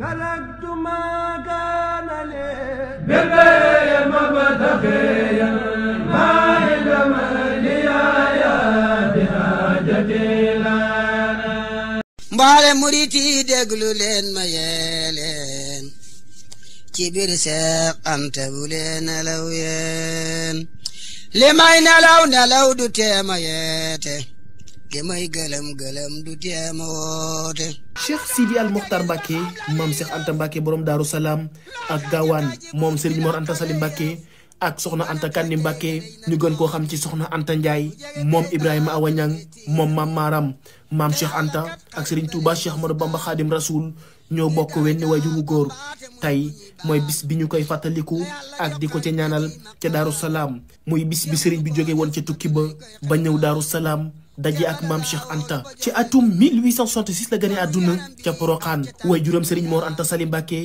تركت ما كان لي بغير مبتغيا ما علم لي يا بحاجتي لنا mboole murit yi déglu leen ma yee ci biir Seex Anta bu leen nelaw yeen li may nelaw nelaw du tee yeete ki may gëlëm gëlëm cheikh sidi al moxtar mbàkke maam cheikh anta mbàkke borom daaru salaam ak gaawaan moom sëriñ mor anta sali mbàkke ak soxna anta kandi mbàkke ñu gën koo xam ci soxna anta njaay moom ibrahima awañang moom maam maaram maam cheikh anta ak sëriñ touba cheikh ahmadou bamba xaadim rasoul ñoo bokk wenn waajur wu góor tey mooy bis bi ñu koy fàttaliku ak di ko ca ñaanal ca daaru salaam muy bis bi sëriñ bi jóge woon ca tukki ba ba ñëw daaru salaam daje ak maam Cheikh Anta ci atum 1866 la gane àdduna ca Poroxaan waaye juróom Serigne Mor Anta Sali Mbàkke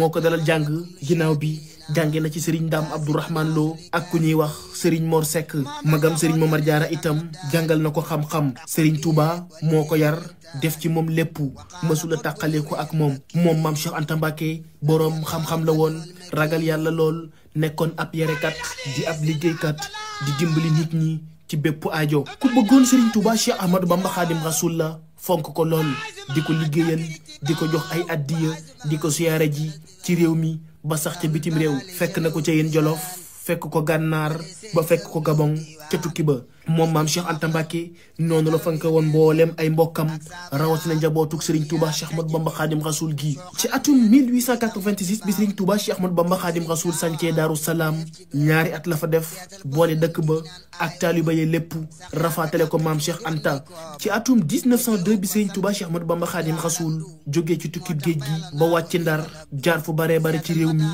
moo ko dalal jàng ginnaaw bi jànge na ci Serigne Dame Abdourahmane loo ak ku ñuy wax Serigne moor sekk magam Serigne Momar Diarra itam jàngal na ko xam-xam Serigne Touba moo ko yar def ci moom lépp mësula tàqale ko ak moom moom maam Cheikh Anta Mbàkke boroom xam-xam la woon ragal yàlla lool nekkoon ab yarekat di ab liggéeykat di dimbali nit ñi. ci bépp ajo ku bëggoon Serigne Touba Cheikh Ahmadou Bamba Khadim la fonk ko lool di ko liggéeyal di ko jox ay addiya di ko siyaara ji ci réew mi ba sax ca bitim réew fekk na ko ca yéen Jolof fekk ko gànnaar ba fekk ko Gabon ca tukki ba moom maam Cheikh Anta Mbacke noonu la fanka woon mboolem ay mbokkam rawatina njabootug Serigne Touba Cheikh Ahmad Bamba Khadim Rasoul gi ci atum 1886 bi Serigne Touba Cheikh Ahmad Bamba Khadim Rasoul sancee Daaru Salaam ñaari at la fa def boole dëkk ba ak taaliba ye lépp rafaatale ko maam Cheikh Anta ci atum 1902 bi Serigne Touba Cheikh Ahmad Bamba Khadim Rasoul jógee ci tukkib géej gi ba wàcc Ndar jaar fu baree bare ci réew mi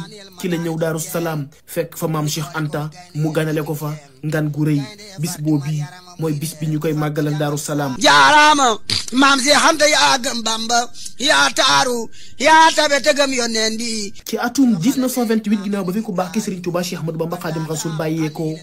ci la ñëw Daaru Salaam fekk fa maam Cheikh Anta mu ganale ko fa ngan gu rëy bis boobu bi mooy bis bi ñu koy màggalal daaru salaam jaaraama maam si xamte yaa gëm bamba yaa taaru yaa tabe te gëm yónneen di ci atum 1928 ginnaaw ba fi ku baax ki Serigne Touba Cheikh Ahmadou Bamba Khadim Rasoul bàyyeekoo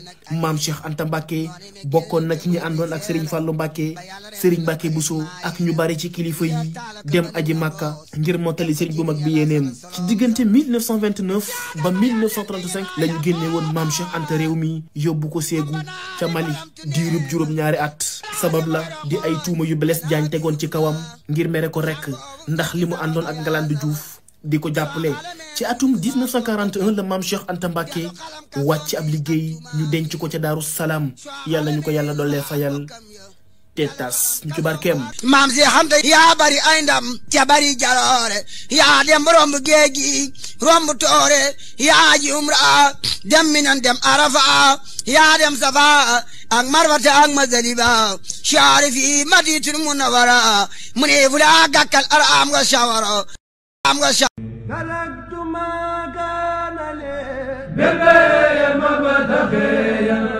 maam Cheikh Anta Mbacke bokkoon na ci ñi àndoon ak sëriñ Serigne Fallou Mbacke Serigne Mbacke Bousso ak ñu bari ci kilifa yi dem aji Makka ngir mottali Serigne bu mag bi yéeneem ci diggante 1929 ba 1935 la ñu génne woon maam Cheikh Anta réew mi yóbbu ko Ségou ca Mali diirub juróom-ñaari at sabab la di ay tuuma yu Blaise Diagne tegoon ci kawam ngir mere ko li mu àndoon ak Ngalandou Diouf di ko jàppale ci atum 1941 la maam Cheikh Anta Mbacké wàcc ab liggéey ñu denc ko ca Daaru Salaam yàlla ñu ko yàlla dollee fayal te tas ñu ci barkeem maam Cheikh Anta yaa bari ay ndam ca bari jaloore yaa dem romb géej gi romb toore yaa ji umra dem minan dem arafa yaa dem safa أغمر ورتا أغمر ذنبا شعرفي مدينة المنورة مني فلا قك الأرعام وشاورا أرعام وشاورا سلكت ما كان لي بقي مبدخيا